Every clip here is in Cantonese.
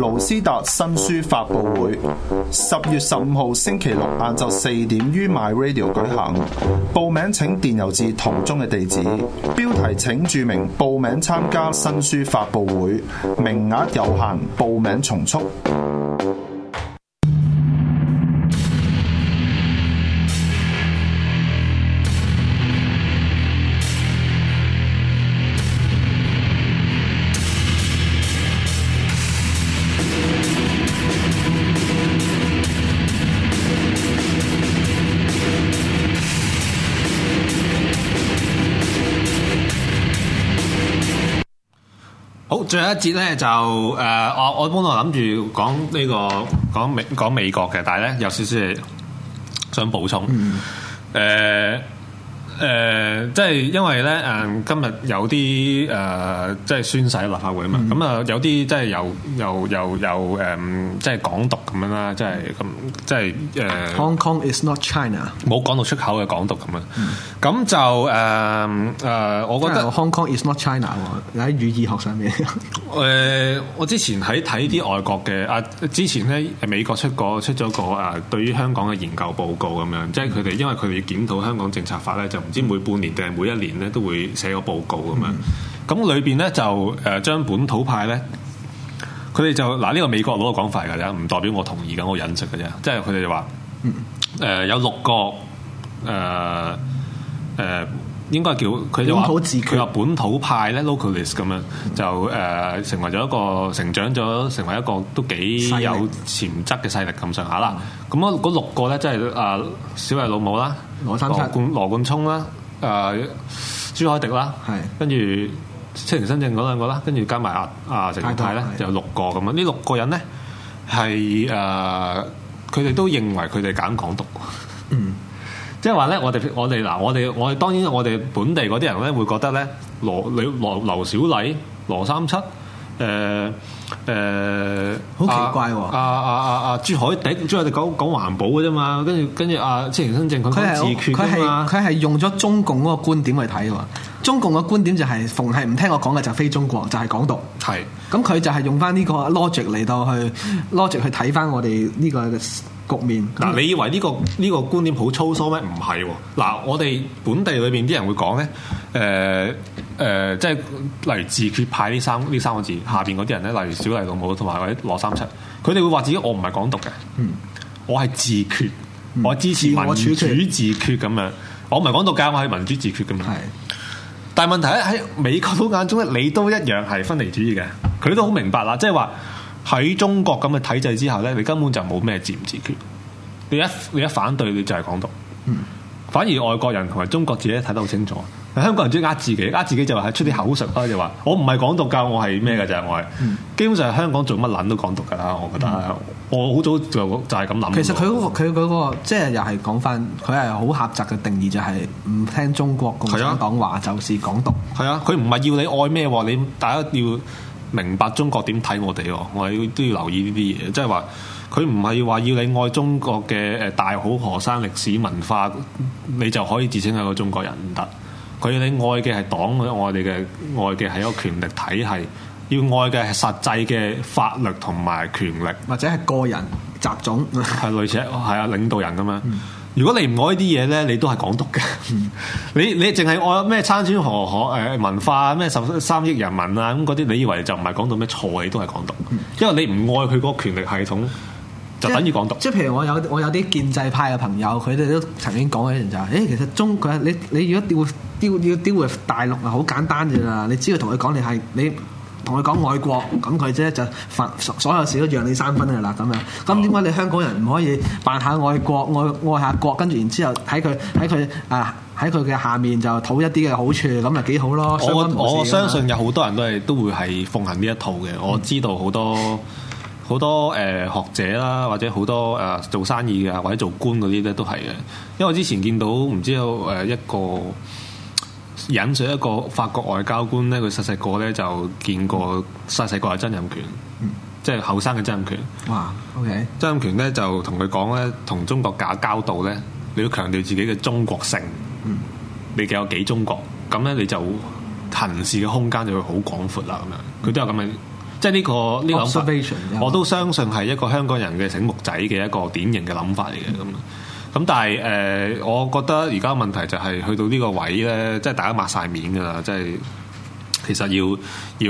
盧斯達新書發布會，十月十五號星期六晏晝四點於 MyRadio 舉行。報名請電郵至圖中嘅地址，標題請注明報名參加新書發布會，名額有限，報名重速。最後一節咧就誒、呃，我我本來諗住講呢、呢個講美講美國嘅，但係咧有少少想補充誒。嗯呃誒、呃，即係因為咧，誒，今日有啲誒、呃，即係宣誓立法會啊嘛，咁啊、mm hmm. 嗯，有啲即係又又又又誒，即係港獨咁樣啦，即係咁，即係誒。Hong Kong is not China、呃。冇講到出口嘅港獨咁樣，咁就誒誒，我覺得 Hong Kong is not China。你喺語義學上面，誒、呃，我之前喺睇啲外國嘅、mm hmm. 啊，之前咧美國出過出咗個啊，對於香港嘅研究報告咁樣，即係佢哋因為佢哋檢討香港政策法咧就。Mm mm hmm. 唔知每半年定係每一年咧，都會寫個報告咁樣。咁裏邊咧就誒、呃，將本土派咧，佢哋就嗱呢、呃這個美國佬嘅講法㗎啫，唔代表我同意嘅，我引述嘅啫。即係佢哋就話、是、誒、嗯呃、有六個誒誒。呃呃應該叫佢就話，佢話本土派咧 localist 咁樣，就誒成為咗一個，成長咗成為一個都幾有潛質嘅勢力咁上下啦。咁啊嗰六個咧，即係啊小慧老母啦，羅生鏽、羅冠聰啦，誒朱凱迪啦，跟住青年新政嗰兩個啦，跟住加埋阿啊陳太泰咧，就六個咁啊。呢六個人咧係誒，佢哋都認為佢哋揀港獨。嗯。即係話咧，我哋我哋嗱，我哋我哋當然我哋本地嗰啲人咧會覺得咧，羅你羅劉小麗、羅三七，誒、呃、誒，好、呃、奇怪喎、哦啊！啊啊啊啊，啊！朱凱迪，朱凱迪講講環保嘅啫嘛，跟住跟住啊，之前新政府佢係佢係佢係用咗中共嗰個觀點嚟睇嘅中共嘅觀點就係、是、逢係唔聽我講嘅就非中國就係、是、港獨，係咁佢就係用翻呢個 logic 嚟到去 logic 去睇翻我哋呢、這個。局面嗱，嗯、你以為呢、這個呢、這個觀點好粗疏咩？唔係喎，嗱，我哋本地裏邊啲人會講咧，誒、呃、誒、即、呃、係例如自決派呢三呢三個字下邊嗰啲人咧，例如小麗同冇同埋或者羅三七，佢哋會話自己我唔係港獨嘅，嗯，我係自決，我支持民主主自決咁樣、嗯，我唔係港獨教我係民主自決噶嘛，係是，但係問題咧喺美國佬眼中咧，你都一樣係分離主義嘅，佢都好明白啦，即係話。喺中國咁嘅體制之下咧，你根本就冇咩自唔自決。你一你一反對，你就係港獨。嗯、反而外國人同埋中國自己睇得好清楚。但香港人主要呃自己，呃自己就係出啲口述。啦、嗯，就話我唔係港獨噶，我係咩噶啫？嗯、我係基本上香港做乜捻都港獨噶啦。我覺得、嗯、我好早就就係咁諗。其實佢佢嗰個即係、那個就是、又係講翻，佢係好狹窄嘅定義，就係、是、唔聽中國共產黨話就是港獨。係啊，佢唔係要你愛咩喎？你大家要，明白中國點睇我哋，我哋都要留意呢啲嘢。即係話，佢唔係話要你愛中國嘅誒大好河山、歷史文化，你就可以自稱係個中國人唔得。佢要你愛嘅係黨，我哋嘅愛嘅係一個權力體系，要愛嘅係實際嘅法律同埋權力，或者係個人集中，係 類似係啊領導人咁樣。嗯。如果你唔愛呢啲嘢咧，你都係港獨嘅。 你你淨係愛咩？山川河河誒文化咩？十三億人民啊咁嗰啲，你以為就唔係講到咩錯嘅？都係港獨。因為你唔愛佢嗰個權力系統，就等於港獨即。即係譬如我有我有啲建制派嘅朋友，佢哋都曾經講一人就係：，誒、欸、其實中國人你你要丟丟要丟回大陸啊，好簡單咋啦？你只要同佢講，你係你。同佢講愛國，咁佢啫就凡所有事都讓你三分嘅啦咁樣，咁點解你香港人唔可以扮下愛國愛愛下國，跟住然之後喺佢喺佢啊喺佢嘅下面就討一啲嘅好處咁啊幾好咯！我相信有好多人都係都會係奉行呢一套嘅，我知道好多好多誒、呃、學者啦，或者好多誒、呃、做生意嘅或者做官嗰啲咧都係嘅，因為我之前見到唔知有誒、呃、一個。引述一個法國外交官咧，佢細細個咧就見過細細個係曾蔭權，嗯、即係後生嘅曾蔭權。哇，OK。曾蔭權咧就同佢講咧，同中國打交道咧，你要強調自己嘅中國性。你、嗯、你有幾中國，咁咧你就行事嘅空間就會好廣闊啦。咁、嗯、樣,樣，佢都有咁嘅，即係呢個呢個 o 我都相信係一個香港人嘅醒目仔嘅一個典型嘅諗法嚟嘅咁啊。嗯嗯咁、嗯、但係誒、呃，我覺得而家問題就係、是、去到呢個位咧，即係大家抹晒面㗎啦，即係其實要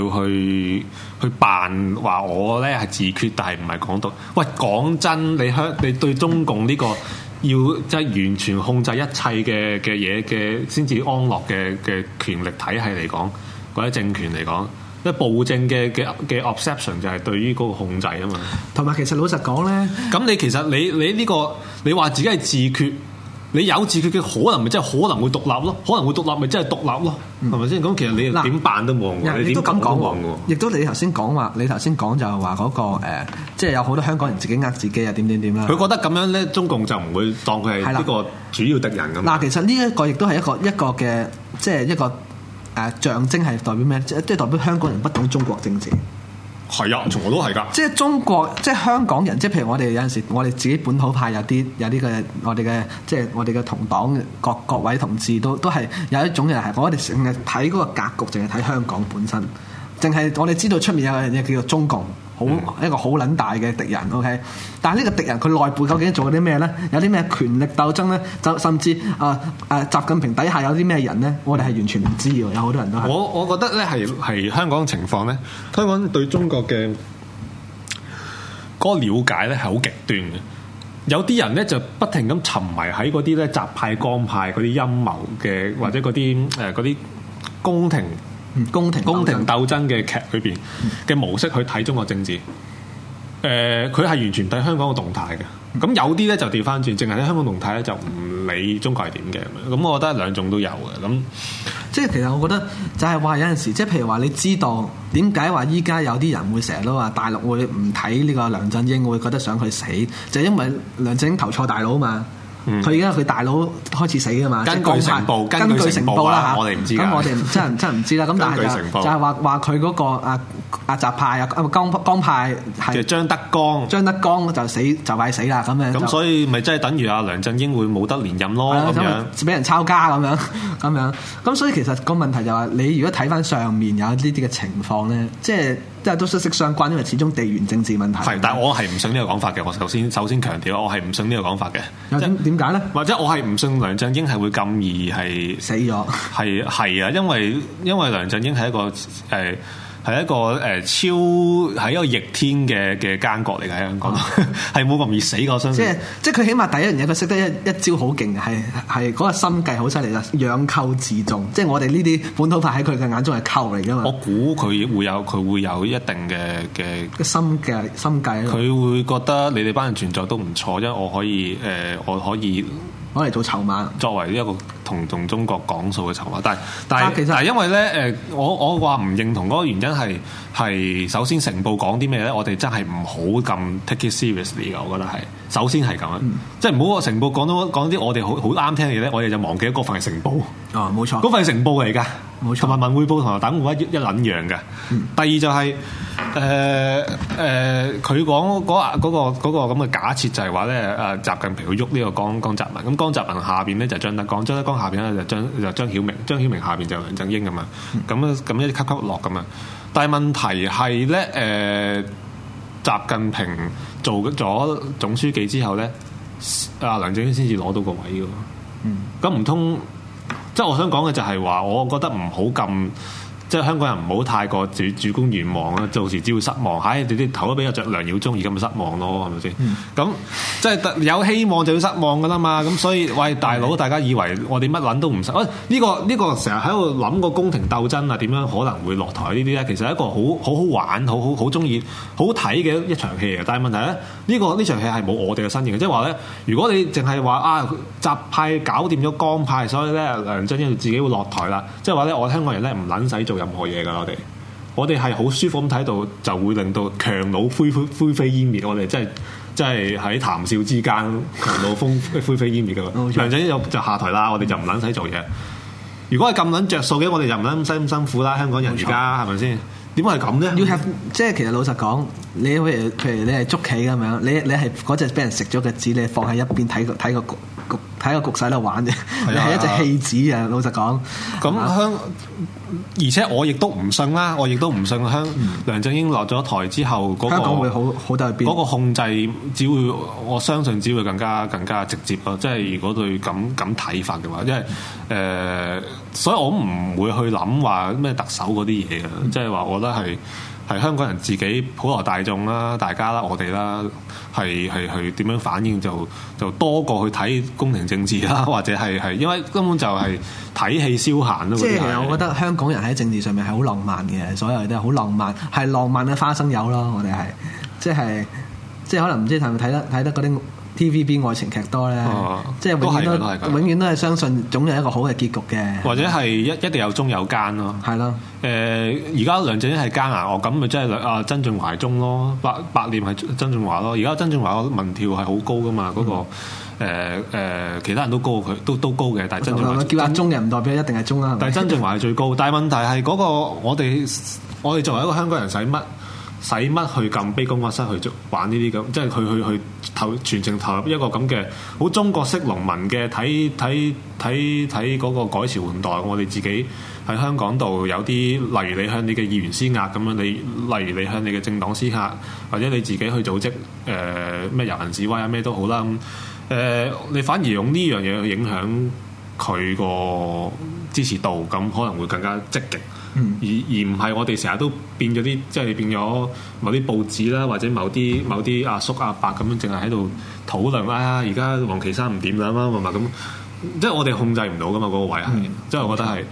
要去去扮話我咧係自決，但係唔係港獨。喂，講真，你香你對中共呢、這個要即係完全控制一切嘅嘅嘢嘅先至安樂嘅嘅權力體系嚟講，或者政權嚟講。即係暴政嘅嘅嘅 obsession 就係對於嗰個控制啊嘛，同埋其實老實講咧，咁你其實你你呢個你話自己係自決，你有自決嘅可能，咪即係可能會獨立咯，可能會獨立咪即係獨立咯，係咪先？咁其實你點辦都冇用，你都咁講喎，亦都你頭先講話，你頭先講就係話嗰個誒，即係有好多香港人自己呃自己啊點點點啦，佢覺得咁樣咧，中共就唔會當佢係呢個主要敵人咁。嗱，其實呢一個亦都係一個一個嘅，即係一個。誒、啊、象徵係代表咩？即係代表香港人不懂中國政治。係啊，從來都係噶。即係中國，即係香港人。即係譬如我哋有陣時，我哋自己本土派有啲有啲、這、嘅、個，我哋嘅即係我哋嘅同黨各各位同志都都係有一種人，係我哋成日睇嗰個格局，淨係睇香港本身，淨係我哋知道出面有樣嘢叫做中共，好一個好撚大嘅敵人，OK？但係呢個敵人佢內部究竟做緊啲咩呢？有啲咩權力鬥爭呢？就甚至啊啊、呃呃，習近平底下有啲咩人呢？我哋係完全唔知喎，有好多人都係。我我覺得呢係係香港情況呢，香港對中國嘅嗰個瞭解呢係好極端嘅。有啲人呢就不停咁沉迷喺嗰啲呢，習派江派嗰啲陰謀嘅，或者嗰啲誒嗰啲宮廷，宮廷宮廷鬥爭嘅劇裏邊嘅模式去睇中國政治，誒、呃，佢係完全對香港嘅動態嘅。咁有啲咧就調翻轉，淨係喺香港動態咧就唔理中國係點嘅。咁我覺得兩種都有嘅。咁即係其實我覺得就係、是、話有陣時，即係譬如話你知道點解話依家有啲人會成日都話大陸會唔睇呢個梁振英，會覺得想佢死，就是、因為梁振英投錯大佬嘛。佢而家佢大佬開始死啊嘛，根據成報，根據成報啦吓，啊啊、我哋唔知、啊，咁我哋真 真唔知啦。咁但係就係、就係話話佢嗰個阿阿、習、派啊，江江派係張德江，張德江就死就快死啦咁樣。咁所以咪即係等於阿梁振英會冇得連任咯，咁、啊、樣俾人抄家咁樣，咁樣。咁 所以其實個問題就係、係、你如果睇翻上面有呢啲嘅情況咧，即係。即係都息息相關，因為始終地緣政治問題。係，但係我係唔信呢個講法嘅。我首先首先強調我，我係唔信呢個講法嘅。點點解呢？或者我係唔信梁振英係會咁易係死咗了？係係啊，因為因為梁振英係一個誒。呃係一個誒、呃、超係一個逆天嘅嘅奸角嚟嘅。喺香港，係冇咁易死嘅，我相信是。 即係即係佢起碼第一樣嘢，佢識得一一招好勁，係係嗰個心計好犀利啦，養寇自重。即係我哋呢啲本土派喺佢嘅眼中係寇嚟㗎嘛。我估佢會有佢會，會有一定嘅嘅心計心計。佢會覺得你哋班人存在都唔錯，因為我可以誒、呃、我可以攞嚟做籌碼，作為一個。同同中國講數嘅籌碼，但係但係其實，因為咧誒，我我話唔認同嗰個原因係係首先成報講啲咩咧？我哋真係唔好咁 take it seriously 嘅。我覺得係首先係咁嘅，即係唔好話成報講到講啲我哋好好啱聽嘅嘢咧，我哋就忘記一嗰份成報啊！冇錯，嗰份成報嚟㗎，同文文匯報同埋《等》冇一一捻樣嘅。第二就係誒誒，佢講嗰下個咁嘅假設就係話咧誒，習近平會喐呢個江江澤民，咁江澤民下邊咧就張德江咧。下邊咧就張就張曉明，張曉明下邊就梁振英咁啊，咁啊咁一級一級落咁啊。但係問題係咧，誒、呃、習近平做咗總書記之後咧，阿梁振英先至攞到個位噶喎。嗯，咁唔通即係我想講嘅就係話，我覺得唔好咁。即係香港人唔好太過主主觀願望啦，到時只會失望。唉、哎，你啲頭都比較着梁耀忠，而家咪失望咯，係咪先？咁即係有希望就要失望㗎喇嘛。咁所以喂大佬，是的 大家以為我哋乜撚都唔失望？喂、啊，呢、這個呢、這個成日喺度諗個宮廷鬥爭啊，點樣可能會落台呢啲咧？其實係一個好好好玩、好好好鍾意、好睇嘅一場戲嚟。但係問題咧，呢、這個呢、這個、場戲係冇我哋嘅身影嘅，即係話咧，如果你淨係話啊，習派搞掂咗江派，所以咧梁振英自己會落台啦。即係話咧，我香港人咧唔撚使做。任何嘢噶，我哋我哋係好舒服咁睇到，就會令到強腦灰灰灰飛煙滅。我哋真係真係喺談笑之間，強腦風灰飛煙滅噶。強仔又就下台啦，我哋就唔捻使做嘢。如果係咁捻着數嘅，我哋就唔捻使咁辛苦啦。香港人而家係咪先？點會係咁咧？要即係其實老實講，你譬如譬如你係捉棋咁樣，你你係嗰隻俾人食咗嘅紙，你放喺一邊睇個睇個局，睇個局勢喺度玩啫，係、啊、一隻戲子啊！老實講，咁香、嗯，嗯、而且我亦都唔信啦，我亦都唔信香梁振英落咗台之後嗰、嗯、那個香港會好好大變，嗰個控制只會，我相信只會更加更加直接咯。即係如果對咁咁睇法嘅話，因為誒，所以我唔會去諗話咩特首嗰啲嘢噶，即係話我覺得係。係香港人自己普羅大眾啦，大家啦，我哋啦，係係去點樣反應就就多過去睇宮廷政治啦，或者係係因為根本就係睇戲消閒都。即係，我覺得香港人喺政治上面係好浪漫嘅，所有嘢都係好浪漫，係浪漫嘅花生油咯，我哋係，即係即係可能唔知睇唔睇得睇得嗰啲。TVB 愛情劇多咧，啊、即係永遠都，都永遠都係相信總有一個好嘅結局嘅，或者係一是的 一定有中有奸咯。係咯是的、呃，誒而家梁振英係奸牙，哦，咁咪即係啊曾俊華係中咯，百百念係曾俊華咯。而家曾俊華個民調係好高噶嘛？嗰、那個誒、嗯呃呃、其他人都高佢，都都高嘅。但係曾俊華叫阿中又唔代表一定係中啊。但係曾俊華係最高， 但係問題係嗰、那個我哋我哋作為一個香港人使乜？使乜去撳卑公辦室去捉玩呢啲咁？即係去去去投全程投入一個咁嘅好中國式農民嘅睇睇睇睇嗰個改朝換代。我哋自己喺香港度有啲，例如你向你嘅議員施壓咁樣你，你例如你向你嘅政黨施壓或者你自己去組織誒咩遊行示威啊咩都好啦。咁、嗯、誒、呃、你反而用呢樣嘢去影響佢個支持度，咁可能會更加積極。而而唔係我哋成日都變咗啲，即係變咗某啲報紙啦，或者某啲某啲阿叔阿伯咁樣，淨係喺度討論，哎而家王岐山唔掂啦，係咪？咁即係我哋控制唔到噶嘛嗰、那個位啊，嗯、即係我覺得係，Okay.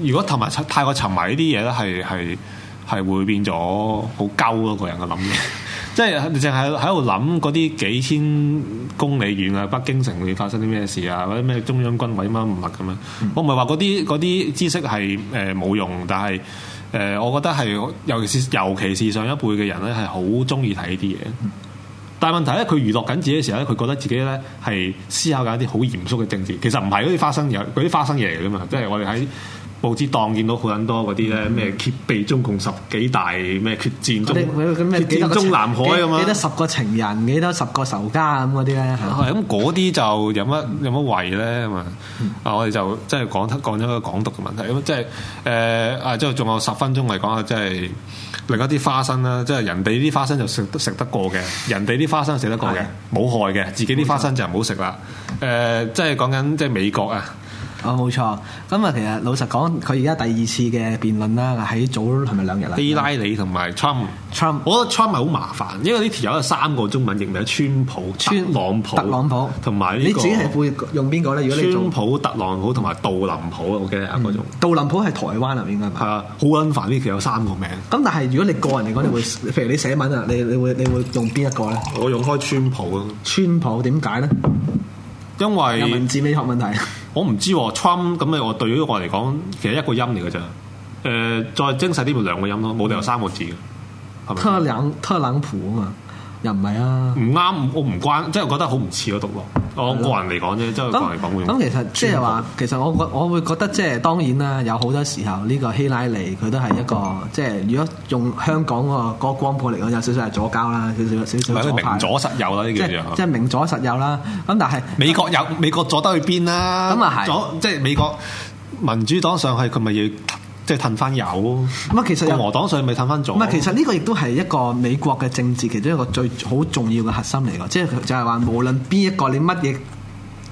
如果同埋太過沉迷呢啲嘢咧，係係係會變咗好鳩嗰個人嘅諗嘅。 即係淨係喺度諗嗰啲幾千公里遠啊，北京城裡發生啲咩事啊，或者咩中央軍委乜乜乜咁樣。嗯、我唔係話嗰啲啲知識係誒冇用，但係誒、呃、我覺得係尤其是尤其是上一輩嘅人咧，係好中意睇呢啲嘢。但係問題咧，佢娛樂緊自己嘅時候咧，佢覺得自己咧係思考緊一啲好嚴肅嘅政治，其實唔係嗰啲花生嘢，啲花生嘢嚟噶嘛。即、就、係、是、我哋喺。嗯報紙檔見到好很多嗰啲咧，咩揭秘中共十幾大咩決戰中，決戰中南海咁樣！幾多十個情人，幾多十個仇家咁嗰啲咧？咁嗰啲就有乜有乜為咧？咁、嗯、啊，我哋就即係講講咗個港獨嘅問題。咁即係誒啊，即係仲有十分鐘嚟講下，即係另一啲花生啦。即係人哋啲花生就食食得過嘅，人哋啲花生食得過嘅，冇的害嘅。自己啲花生就唔好食啦。誒錯、嗯，即係講緊即係美國啊！哦，冇錯。咁啊，其實老實講，佢而家第二次嘅辯論啦，喺早係咪兩日啦。希拉里同埋 Trump，Trump，我覺得 Trump 係好麻煩，因為呢條友有三個中文譯名：川普、川、特朗普、特朗普同埋呢個。你自己係會用邊個咧？如果呢種川普、特朗普同埋杜林普，我記得啱嗰、嗯、種、嗯。杜林普係台灣啊，應該係。啊，好撚煩呢條有三個名。咁但係如果你個人嚟講，你會譬如你寫文啊，你會你會你會,你會用邊一個咧？我用開川普。川普點解咧？因為文字美學問題，我唔知 Trump 咁咧。我對於我嚟講，其實一個音嚟㗎咋。誒，再精細啲咪兩個音咯，冇理由三個字嘅。特兩特朗普啊嘛，又唔係啊？唔啱、 啊，我唔關，即係我覺得好唔似個讀落。我個人嚟講啫，嗯、即係個嚟講會咁。咁其實即係話，其實我我會覺得即係當然啦。有好多時候呢、這個希拉里佢都係一個即係，如果用香港、那個嗰光譜嚟講，有少少係左膠啦，少少少少左明咗實右啦，呢件做即係明咗實右啦。咁但係美國有，但有美國左得去邊啦？咁啊係左即係美國民主黨上去，佢咪要？即係騰翻油，唔係其實共和黨上咪騰翻做？唔係，其實呢個亦都係一個美國嘅政治其中一個最好重要嘅核心嚟㗎，即係就係、係、話無論邊一個你乜嘢。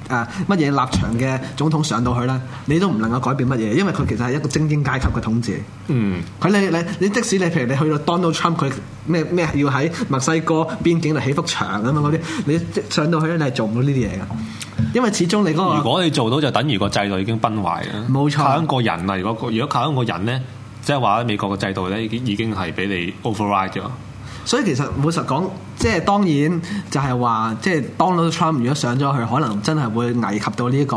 誒乜嘢立場嘅總統上到去啦，你都唔能夠改變乜嘢，因為佢其實係一個精英階級嘅統治。嗯，佢你你你你即使你譬如你去到 Donald Trump，佢咩咩要喺墨西哥邊境度起幅牆咁樣嗰啲，你上到去咧你係做唔到呢啲嘢㗎，因為始終你嗰個如果你做到就等於個制度已經崩壞啦。冇錯，靠一個人啊！如果如果靠一個人咧，即係話美國嘅制度咧已經已經係俾你 override 咗。所以其實老實講，即係當然就係話，即係 Donald Trump 如果上咗去，可能真係會危及到呢一個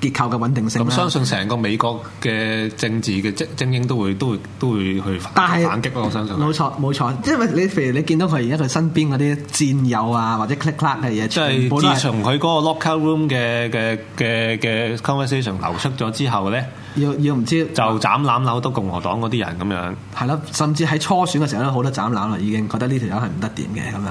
結構嘅穩定性。咁相信成個美國嘅政治嘅精英都會都會都會去反，但係反擊咯。我相信。冇錯冇錯，因為你譬如你見到佢而家佢身邊嗰啲戰友啊，或者 click-clack 嘅嘢，即係自從佢嗰個 locker room 嘅嘅嘅嘅 conversation 流出咗之後咧，要要唔知就斬攬好多共和黨嗰啲人咁樣。係咯，甚至喺初選嘅時候都好多斬攬啦，已經覺得。呢條友係唔得掂嘅咁樣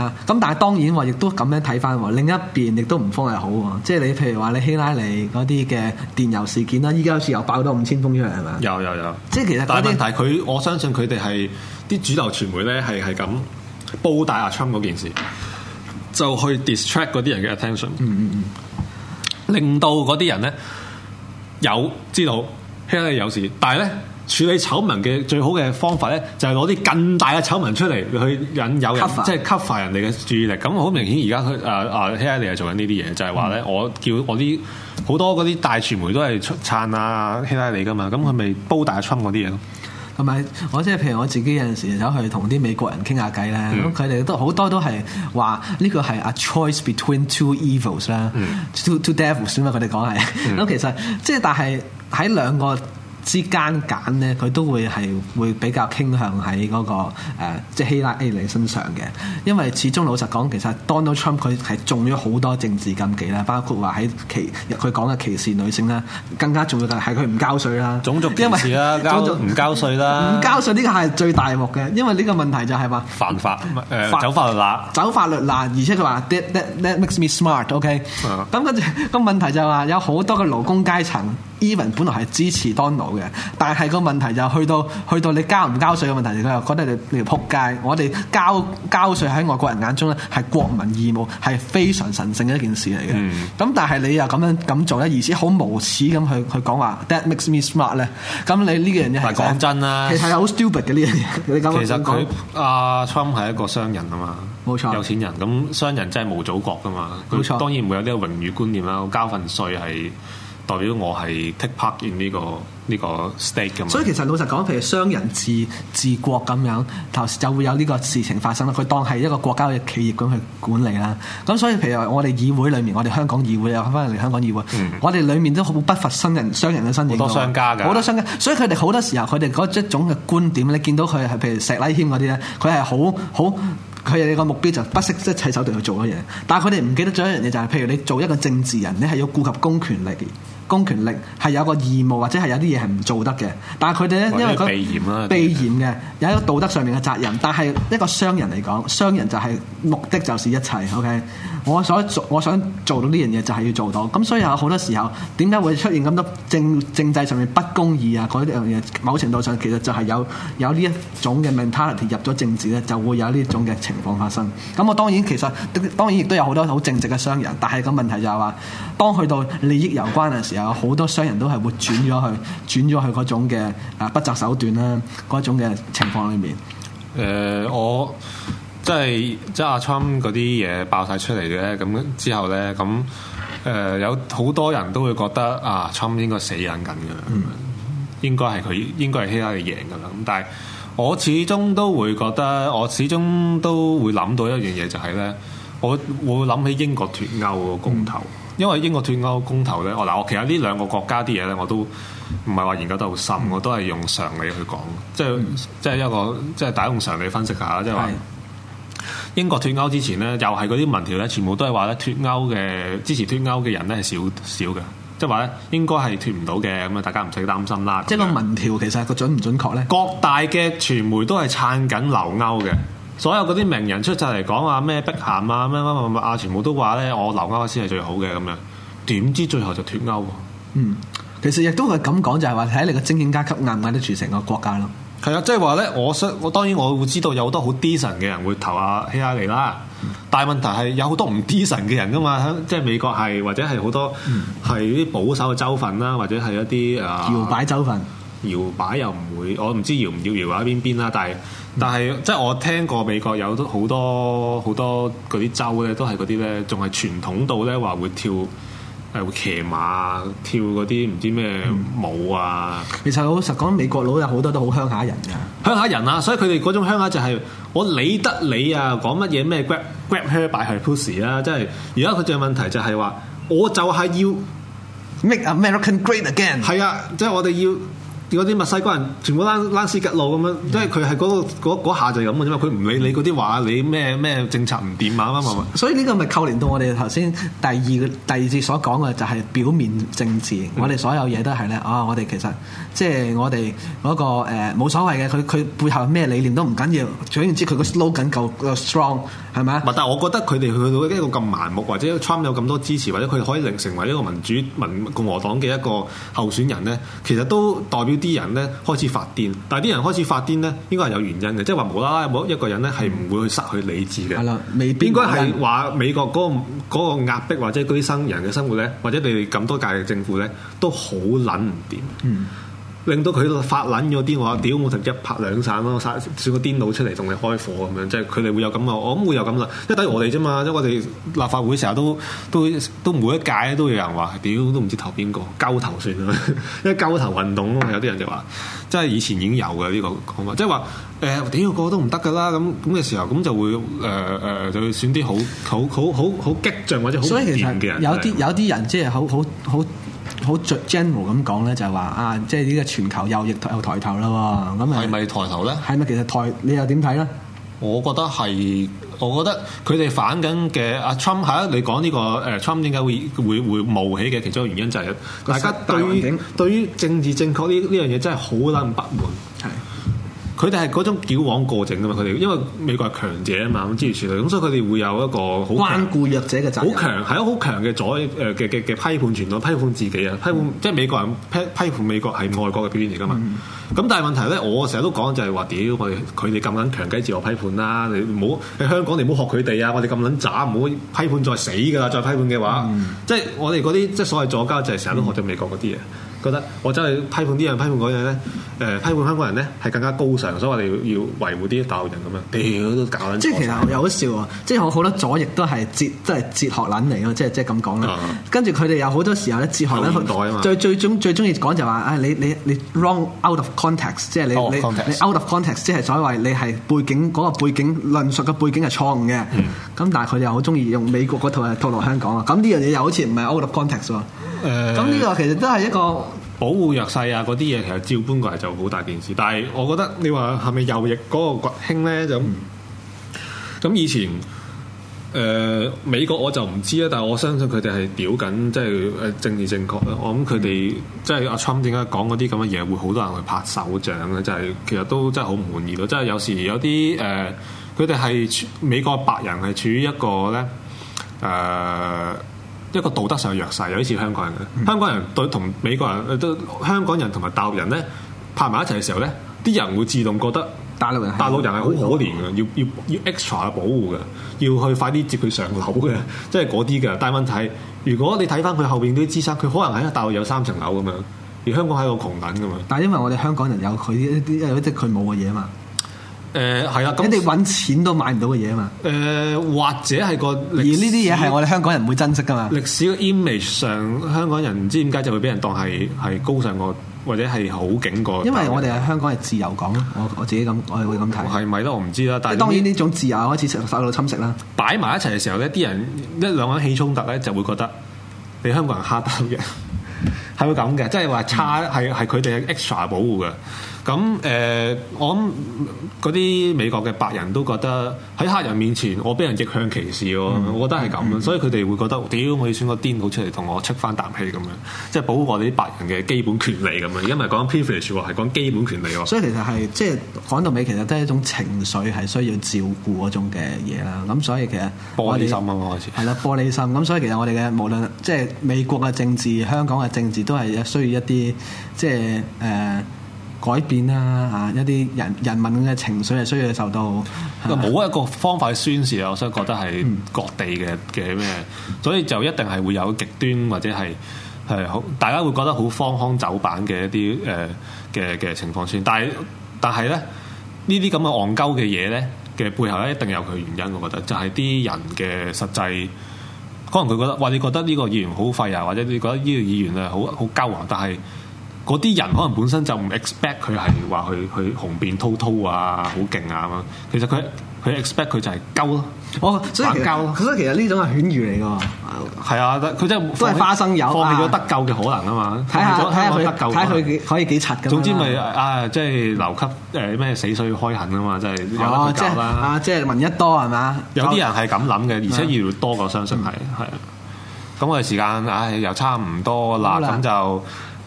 啊！咁 但係當然喎，亦都咁樣睇翻喎。另一邊亦都唔風係好喎。即係你譬如話你希拉里嗰啲嘅電郵事件啦，依家好似又爆多五千封出嚟係咪？是是有有有。即係其實，但係問題佢，我相信佢哋係啲主流傳媒咧，係係咁煲大川普嗰件事，就去 distract 嗰啲人嘅 attention。嗯嗯嗯。令到嗰啲人咧有知道希拉里有事，但係咧。處理醜聞嘅最好嘅方法咧，就係攞啲更大嘅醜聞出嚟去引誘人，Cover. 即係 cover 人哋嘅注意力。咁好明顯，而家佢啊啊希拉里係做緊呢啲嘢，就係話咧，mm. 我叫我啲好多嗰啲大傳媒都係出撐啊希拉里㗎嘛，咁佢咪煲大川普嗰啲嘢咯。咁咪我即係譬如我自己有陣時走去同啲美國人傾下偈咧，咁佢哋都好多都係話呢個係 a choice between two evils 啦、mm.，two two devils 算咪佢哋講係。咁、mm. 其實即係但係喺兩個之間揀咧，佢都會係會比較傾向喺嗰、那個、呃、即係希拉里身上嘅，因為始終老實講，其實 Donald Trump 佢係中咗好多政治禁忌啦，包括話喺歧佢講嘅歧視女性啦，更加重要嘅係佢唔交稅啦，種族歧視啦、啊，為交唔交稅啦，唔交稅呢個係最大鑊嘅，因為呢個問題就係話犯法誒、呃、法走法律罅，走法律罅，而且佢話 That That makes me smart，OK，、okay? 咁跟住、嗯、 個問題就係、是、話有好多嘅勞工階層。Even 本來係支持 Donald 嘅，但係個問題就去到去到你交唔交稅嘅問題，佢又覺得你你撲街。我哋交交稅喺外國人眼中咧，係國民義務，係非常神聖嘅一件事嚟嘅。咁、嗯、但係你又咁樣咁做咧，而且好無恥咁去去講話 That makes me smart 咧。咁你呢個人就係講真啦，其實好 stupid 嘅呢樣嘢。其實佢阿 Trump 係一個商人啊嘛，冇錯，有錢人咁商人真係冇祖國噶嘛，冇錯，當然唔會有呢個榮譽觀念啦，我交份稅係。代表我係 take part in 呢個呢個 state 咁。所以其實老實講，譬如商人治治國咁樣，就就會有呢個事情發生啦。佢當係一個國家嘅企業咁去管理啦。咁所以譬如我哋議會裏面，我哋香港議會又翻嚟香港議會，我哋裏、嗯、面都好不乏商人、商人嘅身影。好多商家嘅，好多商家。所以佢哋好多時候，佢哋嗰一種嘅觀點咧，你見到佢係譬如石禮謙嗰啲咧，佢係好好佢哋嘅目標就不惜一切手段去做嘅嘢。但係佢哋唔記得咗一樣嘢，就係譬如你做一個政治人，你係要顧及公權力。公權力係有個義務，或者係有啲嘢係唔做得嘅。但係佢哋咧，因為佢避嫌啦，避嫌嘅，有一個道德上面嘅責任。但係一個商人嚟講，商人就係目的就是一切。OK，我所做，我想做到呢樣嘢就係要做到。咁所以有好多時候，點解會出現咁多政政制上面不公義啊？嗰一樣嘢，某程度上其實就係有有呢一種嘅 mentality 入咗政治咧，就會有呢種嘅情況發生。咁我當然其實當然亦都有好多好正直嘅商人，但係個問題就係話，當去到利益有關嗰陣時候。有好多商人都係會轉咗去，轉咗去嗰種嘅啊不擇手段啦，嗰種嘅情況裏面。誒、呃，我即係即係阿 Trump 嗰啲嘢爆晒出嚟嘅。咁之後咧，咁、呃、誒有好多人都會覺得啊 Trump 應該死人緊噶啦，應該係佢應該係希拉里贏噶啦。咁但係我始終都會覺得，我始終都會諗到一樣嘢，就係、是、咧，我我諗起英國脱歐個公投。嗯因為英國脱歐公投咧，我嗱我其實呢兩個國家啲嘢咧，我都唔係話研究得好深，我都係用常理去講，即係即係一個即係打用常理分析下即係話英國脱歐之前咧，又係嗰啲民調咧，全部都係話咧脱歐嘅支持脱歐嘅人咧係少少嘅，即係話咧應該係脱唔到嘅，咁啊大家唔使擔心啦。即係個民調其實係個準唔準確咧？各大嘅傳媒都係撐緊留歐嘅。所有嗰啲名人出晒嚟講啊，咩碧咸啊，乜乜乜啊，全部都話咧，我留歐先係最好嘅咁樣，點知最後就脱歐喎。嗯，其實亦都係咁講，就係話睇你個精英階級硬唔都得住成個國家咯。係啊，即係話咧，我想我當然我會知道有好多好 decent 嘅人會投阿希拉里啦，嗯、但係問題係有好多唔 decent 嘅人噶嘛，即、就、係、是、美國係或者係好多係啲保守嘅州份啦，或者係一啲誒、啊、搖擺州份。搖擺又唔會，我唔知搖唔搖搖喺邊邊啦。但係、嗯、但係，即、就、係、是、我聽過美國有好多好多嗰啲州咧，都係嗰啲咧仲係傳統到咧話會跳誒會、呃、騎馬跳嗰啲唔知咩舞啊。嗯、其實我老實講美國佬有好多都好鄉下人㗎，鄉下人啊，所以佢哋嗰種鄉下就係、是、我理得你啊，講乜嘢咩 grab grab her by her pussy 咧、啊，即係而家佢就是、有問題就係話我就係要 make American great again，係啊，即、就、係、是、我哋要。如果啲墨西哥人全部拉攔絲吉路咁，那個，樣，即係佢係嗰下就係咁嘅啫嘛，佢唔理你嗰啲話，你咩咩政策唔掂啊嘛嘛，所以呢個咪扣連到我哋頭先第二第二節所講嘅就係表面政治，嗯、我哋所有嘢都係咧啊！我哋其實即係、就是、我哋嗰、那個冇、呃、所謂嘅，佢佢背後咩理念都唔緊要。總然之 log，佢個 logo 夠夠 strong。係咪啊？但係我覺得佢哋去到一個咁盲目，或者 Trump 有咁多支持，或者佢可以令成為一個民主民共和黨嘅一個候選人咧，其實都代表啲人咧開始發癲。但係啲人開始發癲咧，應該係有原因嘅，即係話無啦啦冇一個人咧係唔會去失去理智嘅。係啦、嗯，未變。應該係話美國嗰個嗰個壓迫，或者居生人嘅生活咧，或者你哋咁多屆嘅政府咧，都好撚唔掂。嗯。令到佢發撚咗啲，我話：屌，我就一拍兩散咯，散，選個癲佬出嚟同你開火咁樣，即係佢哋會有咁啊，我諗會有咁啦。即係等於我哋啫嘛，即係我哋立法會成日都都都每一屆都有人話：屌，都唔知投邊個，交頭算啦，因為交頭運動咯。有啲人就話，即係以前已經有嘅呢個講法，即係話誒，屌個個都唔得㗎啦，咁咁嘅時候，咁就會誒誒，就選啲好好好好好激進或者好癲嘅人。所以其實有啲有啲人即係好好好。好 general 咁講咧，就係、是、話啊，即係呢個全球右翼又抬頭啦喎，咁啊係咪抬頭咧？係咪其實抬？你又點睇咧？我覺得係，我覺得佢哋反緊嘅阿 Trump 嚇，你講呢、這個誒 Trump 點解會會會,會冒起嘅其中一個原因就係、是、在大家對於對,對於政治正確呢呢樣嘢真係好撚不滿，係。佢哋係嗰種矯枉過正噶嘛，佢哋，因為美國係強者啊嘛，咁諸如此類，咁所以佢哋會有一個好關顧弱者嘅責任，好強，係一個好強嘅左誒嘅嘅嘅批判傳統，批判自己啊，批判、嗯、即係美國人批批判美國係外國嘅表現嚟噶嘛。咁、嗯、但係問題咧，我成日都講就係話，屌佢哋咁撚強雞自我批判啦，你唔好喺香港，你唔好學佢哋啊，我哋咁撚渣，唔好批判再死噶啦，再批判嘅話，嗯嗯、即係我哋嗰啲即係所謂左家就係成日都學咗美國嗰啲嘢。覺得我真係批判呢樣，批判嗰樣咧，誒、呃、批判香港人咧係更加高尚，所以我哋要要維護啲大陸人咁樣，屌都搞卵！即係其實有好笑喎，啊、即係我好多左翼都係哲都係哲學卵嚟咯，即係即係咁講啦。啊、跟住佢哋有好多時候咧，哲學卵最最中最中意講就話、是：，唉、哎，你你你 wrong out of context，即係你 out of 你 out of context，即係所謂你係背景嗰、那個背景論述嘅背景係錯誤嘅。咁、嗯、但係佢哋又好中意用美國嗰套嘢套落香港啊！咁呢樣嘢又好似唔係 out of context 喎。咁呢個其實都係一個。嗯保護弱勢啊，嗰啲嘢其實照搬過嚟就好大件事。但係我覺得你話係咪右翼嗰個崛起咧？咁咁、嗯、以前誒、呃、美國我就唔知啦，但我相信佢哋係屌緊即係誒政治正確啦。我諗佢哋即係阿 Trump 點解講嗰啲咁嘅嘢會好多人去拍手掌咧？就係其實都真係好唔滿意咯。即係有時有啲誒，佢哋係處美國白人係處於一個咧誒。呃一個道德上弱勢，有啲似香港人嘅、嗯。香港人對同美國人，都香港人同埋大陸人咧，拍埋一齊嘅時候咧，啲人會自動覺得大陸人，大陸人係好可憐嘅，要要要 extra 保護嘅，要去快啲接佢上樓嘅，即係嗰啲嘅。但係問題係，如果你睇翻佢後邊啲資產，佢可能喺大陸有三層樓咁樣，而香港係一個窮緊嘅嘛。但係因為我哋香港人有佢一啲一佢冇嘅嘢啊嘛。誒係、呃、啊！咁你揾錢都買唔到嘅嘢啊嘛！誒、呃、或者係個而呢啲嘢係我哋香港人唔會珍惜噶嘛！歷史嘅 image 上，香港人唔知點解就會俾人當係係高尚過或者係好景過。因為我哋喺香港係自由港，我我自己咁我哋會咁睇。係咪咧？我唔知啦。但係當然呢種自由開始受到侵蝕啦。擺埋一齊嘅時候，呢啲人一兩個人起衝突咧，就會覺得你香港人蝦得嘅係會咁嘅，即係話差係係佢哋 extra 保護嘅。咁誒、呃，我諗嗰啲美國嘅白人都覺得喺黑人面前，我俾人逆向歧視喎。嗯、我覺得係咁，嗯、所以佢哋會覺得屌，我可以選個癲佬出嚟同我出翻啖氣咁樣，即係保護我哋啲白人嘅基本權利咁樣。而家唔係講 privilege 係講基本權利喎。所以其實係即係講到尾，其實都係一種情緒係需要照顧嗰種嘅嘢啦。咁所以其實玻璃心啊嘛，開始係啦，玻璃心。咁、嗯、所以其實我哋嘅無論即係美國嘅政治、香港嘅政治，都係需要一啲即係誒。呃改變啦、啊、嚇，一啲人人民嘅情緒係需要受到，冇一個方法去宣洩啊，我真係覺得係各地嘅嘅咩，嗯、所以就一定係會有極端或者係係好大家會覺得好荒腔走板嘅一啲誒嘅嘅情況先。但係但係咧呢啲咁嘅戇鳩嘅嘢咧嘅背後咧一定有佢原因，我覺得就係啲人嘅實際，可能佢覺得哇，你覺得呢個議員好廢啊，或者你覺得呢個議員啊好好鳩啊，但係。嗰啲人可能本身就唔 expect 佢係話佢去紅遍滔滔啊，好勁啊咁樣。其實佢佢 expect 佢就係鳩咯，我所以鳩咯。所以其實呢種係犬儒嚟㗎。係啊，佢真係都係花生油放棄咗得救嘅可能啊嘛。睇下睇下佢得救，睇佢可以幾柒嘅。總之咪啊，即係留級誒咩死水開痕啊嘛，即係有得啦。即係文一多係嘛？有啲人係咁諗嘅，而且要多過相信係係。咁我哋時間唉又差唔多啦，咁就～誒，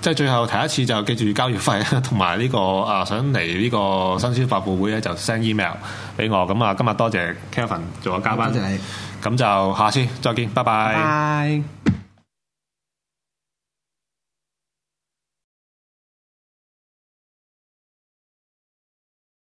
即係、嗯、最後提一次，就記住交月費同埋呢個啊想嚟呢個新書發布會咧，就 send email 俾我。咁啊，今日多謝，謝 Calvin 做我嘉賓，多謝你。咁就下次再見，拜拜。Bye bye